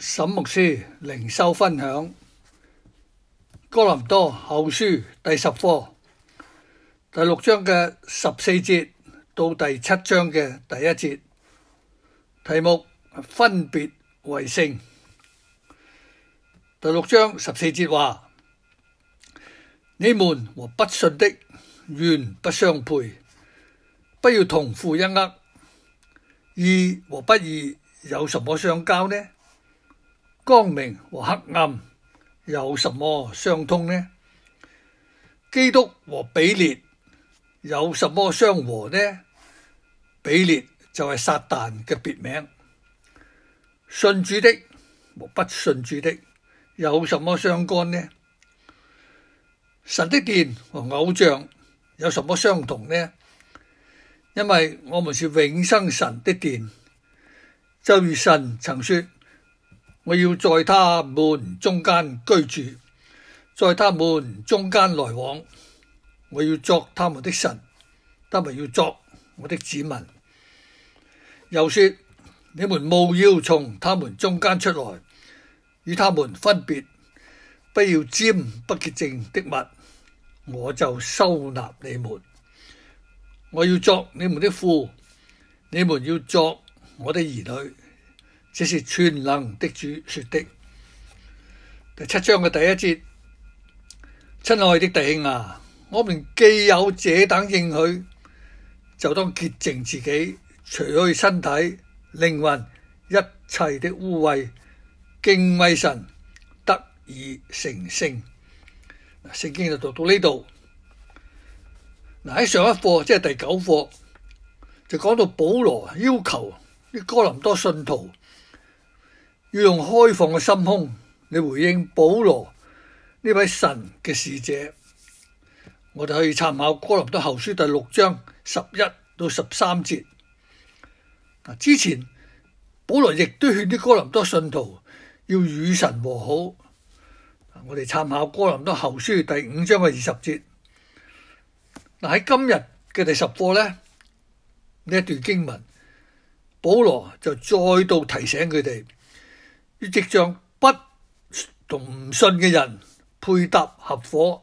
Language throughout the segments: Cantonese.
沈牧師靈修分享《哥林多後書》第十課第六章嘅十四節到第七章嘅第一節，題目分別為聖。第六章十四節話：你們和不信的原不相配，不要同負一軛。義和不義有什麼相交呢？光明和黑暗有什麼相通呢？基督和比列有什麼相和呢？比列就係撒旦嘅別名。信主的和不信主的有什麼相干呢？神的殿和偶像有什麼相同呢？因為我們是永生神的殿，就如神曾說。我要在他們中間居住，在他們中間來往。我要作他們的神，他們要作我的子民。又說：你們務要從他們中間出來，與他們分別，不要沾不潔淨的物，我就收納你們。我要作你們的父，你們要作我的兒女。這是全能的主說的。第七章嘅第一節，親愛的弟兄啊，我們既有這等應許，就當潔淨自己，除去身體、靈魂一切的污穢，敬畏神，得以成聖。聖經就讀到呢度。嗱，喺上一課，即係第九課，就講到保羅要求啲哥林多信徒。要用開放嘅心胸，你回應保羅呢位神嘅使者，我哋可以參考哥林多後書第六章十一到十三節。啊，之前保羅亦都勸啲哥林多信徒要與神和好。我哋參考哥林多後書第五章嘅二十節。嗱喺今日嘅第十課咧，呢一段經文，保羅就再度提醒佢哋。要藉仗不同唔信嘅人配搭合夥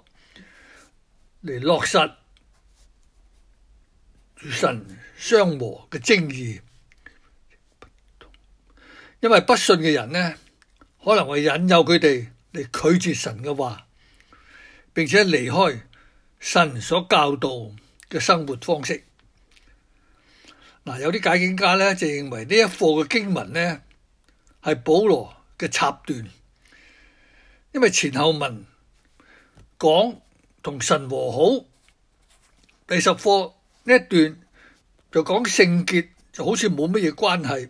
嚟落實與神相和嘅正義，因為不信嘅人呢，可能會引誘佢哋嚟拒絕神嘅話，並且離開神所教導嘅生活方式。嗱，有啲解經家咧就認為呢一課嘅經文呢。係保羅嘅插段，因為前後文講同神和好，第十課呢一段就講聖潔，就好似冇乜嘢關係。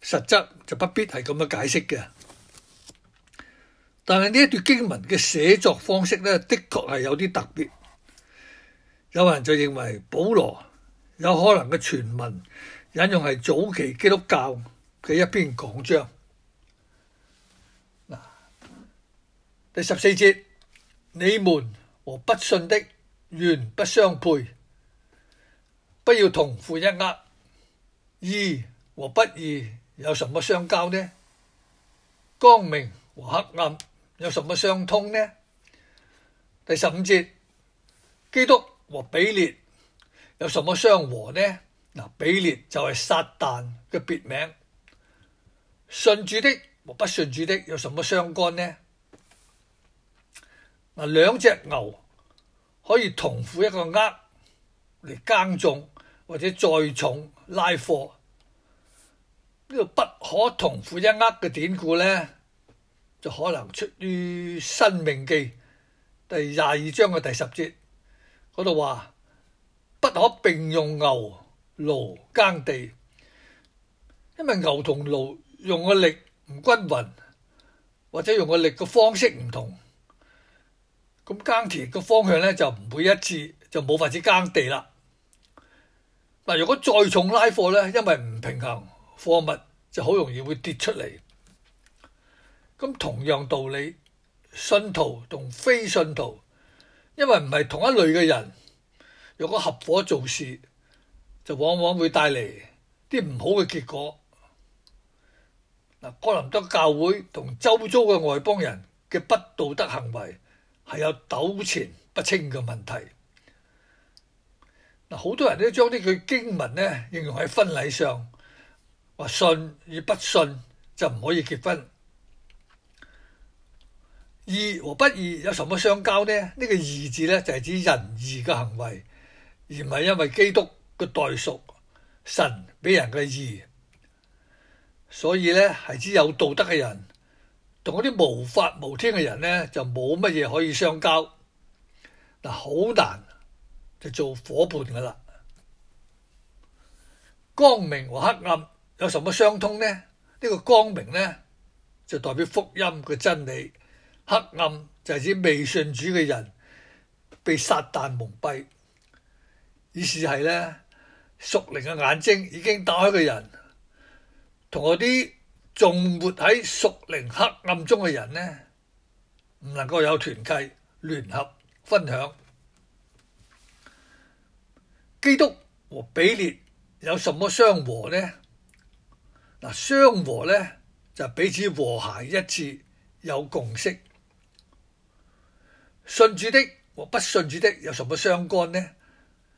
實質就不必係咁樣解釋嘅。但係呢一段經文嘅寫作方式咧，的確係有啲特別。有人就認為保羅有可能嘅傳聞引用係早期基督教。佢一篇講章嗱，第十四節，你們和不信的原不相配，不要同負一軛。義和不義有什麼相交呢？光明和黑暗有什麼相通呢？第十五節，基督和比列有什麼相和呢？嗱，比列就係撒但嘅別名。信主的和不信主的有什麼相干呢？嗱，兩隻牛可以同負一個軛嚟耕種，或者載重拉貨。呢個不可同負一軛嘅典故咧，就可能出於《申命記》第二十二章嘅第十節嗰度話：不可並用牛、驢耕地，因為牛同驢用個力唔均勻，或者用個力個方式唔同，咁耕田個方向咧就唔會一致，就冇法子耕地啦。嗱，如果再重拉貨咧，因為唔平衡，貨物就好容易會跌出嚟。咁同樣道理，信徒同非信徒，因為唔係同一類嘅人，若果合夥做事，就往往會帶嚟啲唔好嘅結果。哥林多教會同周遭嘅外邦人嘅不道德行為係有糾纏不清嘅問題。嗱，好多人都將呢句經文呢應用喺婚禮上，話信與不信就唔可以結婚。義和不義有什麼相交呢？呢、這個義字呢，就係、是、指仁義嘅行為，而唔係因為基督嘅代贖，神俾人嘅義。所以咧，係指有道德嘅人，同嗰啲無法無天嘅人咧，就冇乜嘢可以相交。嗱，好難就做伙伴噶啦。光明和黑暗有什麼相通呢？呢個光明呢，就代表福音嘅真理；黑暗就係指未信主嘅人被撒旦蒙蔽。意思係咧，屬靈嘅眼睛已經打開嘅人。同嗰啲仲活喺屬靈黑暗中嘅人呢，唔能夠有團契、聯合、分享。基督和比列有什麼相和呢？嗱，相和呢，就是、彼此和諧一致，有共識。信主的和不信主的有什麼相干呢？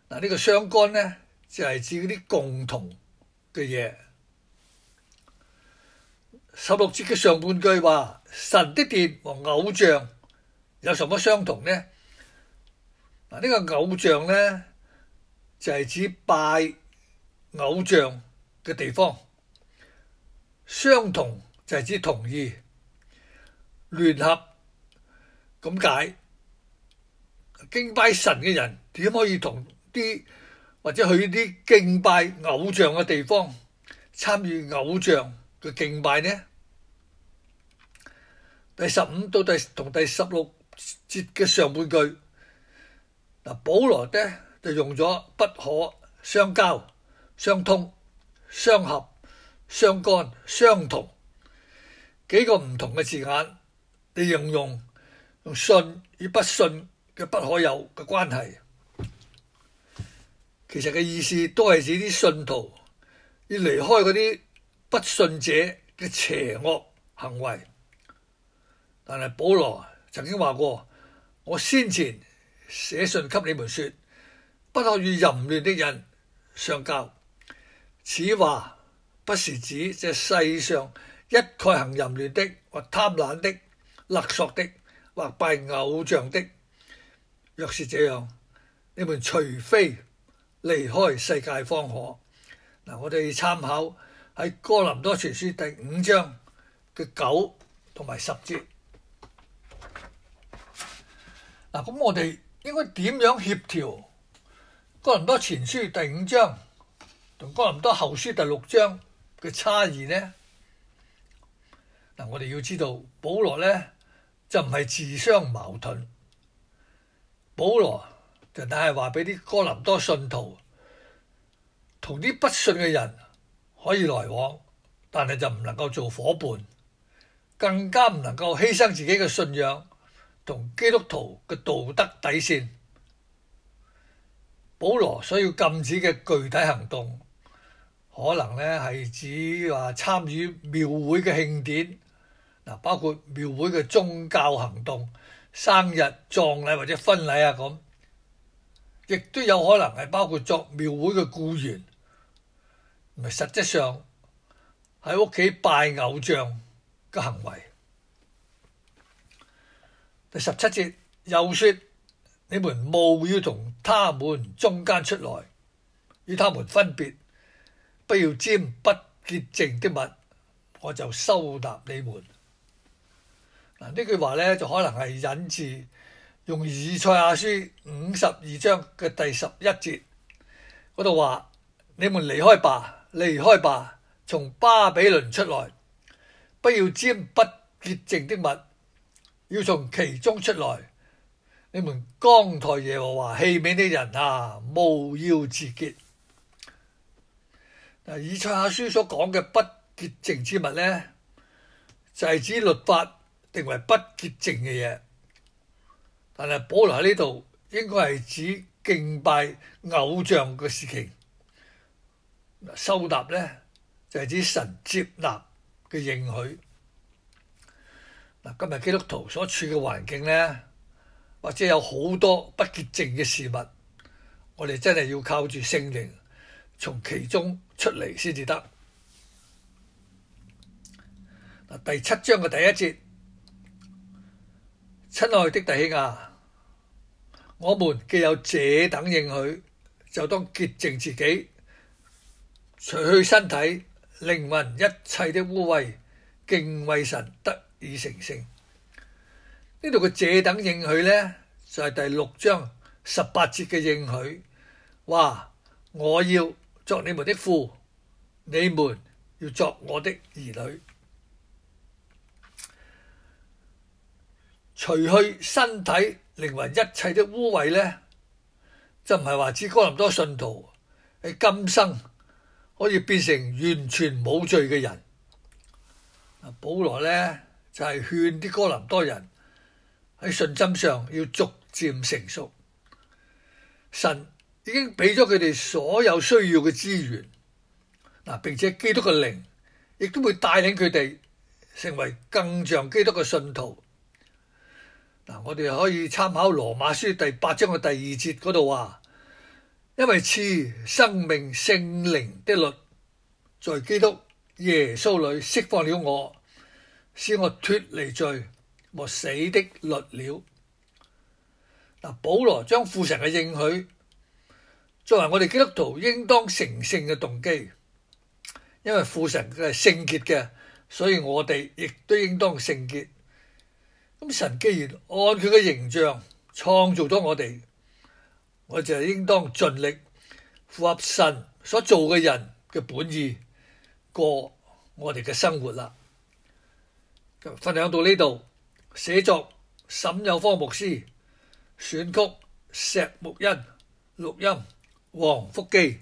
嗱，呢個相干呢，就係指嗰啲共同嘅嘢。十六節嘅上半句話，神的殿和偶像有什麼相同呢？嗱，呢個偶像咧就係指拜偶像嘅地方，相同就係指同意聯合咁解。敬拜神嘅人點可以同啲或者去啲敬拜偶像嘅地方參與偶像嘅敬拜呢？第十五到第同第十六節嘅上半句，嗱，保羅咧就用咗不可相交、相通、相合、相干、相同幾個唔同嘅字眼嚟形容用信與不信嘅不可有嘅關係。其實嘅意思都係指啲信徒要離開嗰啲不信者嘅邪惡行為。但係，保羅曾經話過：我先前寫信給你們說，不可與淫亂的人相交。此話不是指這世上一概行淫亂的或貪婪的、勒索的或拜偶像的。若是這樣，你們除非離開世界方可。嗱，我哋參考喺哥林多傳書第五章嘅九同埋十節。嗱，咁、啊、我哋應該點樣協調哥林多前書第五章同哥林多後書第六章嘅差異呢？嗱、啊，我哋要知道保羅咧就唔係自相矛盾，保羅就係話俾啲哥林多信徒同啲不信嘅人可以來往，但係就唔能夠做伙伴，更加唔能夠犧牲自己嘅信仰。同基督徒嘅道德底線保羅所要禁止嘅具體行動可能咧係指話參與廟會嘅慶典，嗱包括廟會嘅宗教行動生日葬禮或者婚禮啊咁，亦都有可能係包括作廟會嘅雇員，唔係實質上喺屋企拜偶像嘅行為。第十七節又說：你們務要從他們中間出來，與他們分別，不要沾不潔淨的物，我就收納你們。嗱，呢句話咧就可能係引自用以賽亞書五十二章嘅第十一節嗰度話：你們離開吧，離開吧，從巴比倫出來，不要沾不潔淨的物。要從其中出來，你們扛抬耶和華器皿的人啊，務要自潔。嗱，以賽亞書所講嘅不潔淨之物咧，就係指律法定為不潔淨嘅嘢。但係保羅喺呢度應該係指敬拜偶像嘅事情。收納咧就係指神接納嘅應許。嗱，今日基督徒所處嘅環境咧，或者有好多不潔淨嘅事物，我哋真係要靠住聖靈，從其中出嚟，先至得。嗱，第七章嘅第一節，親愛的弟兄啊，我們既有這等應許，就當潔淨自己，除去身體、靈魂一切的污穢，敬畏神得。以成聖。呢度嘅這等應許咧，就係第六章十八節嘅應許。話，我要作你們的父，你們要作我的兒女。除去身體靈魂一切的污穢咧，就唔係話只哥林多信徒喺今生可以變成完全冇罪嘅人。啊，保羅咧～就係勸啲哥林多人喺信心上要逐漸成熟，神已經俾咗佢哋所有需要嘅資源，嗱，並且基督嘅靈亦都會帶領佢哋成為更像基督嘅信徒。嗱，我哋可以參考羅馬書第八章嘅第二節嗰度話，因為賜生命聖靈的律在基督耶穌裏釋放了我。使我脫離罪和死的律了。嗱，保羅將父神嘅應許，作為我哋基督徒應當成聖嘅動機。因為父神佢係聖潔嘅，所以我哋亦都應當聖潔。咁神既然按佢嘅形象創造咗我哋，我就係應當盡力符合神所做嘅人嘅本意，過我哋嘅生活啦。分享到呢度，寫作沈有方牧師，選曲石木恩，錄音黃福記。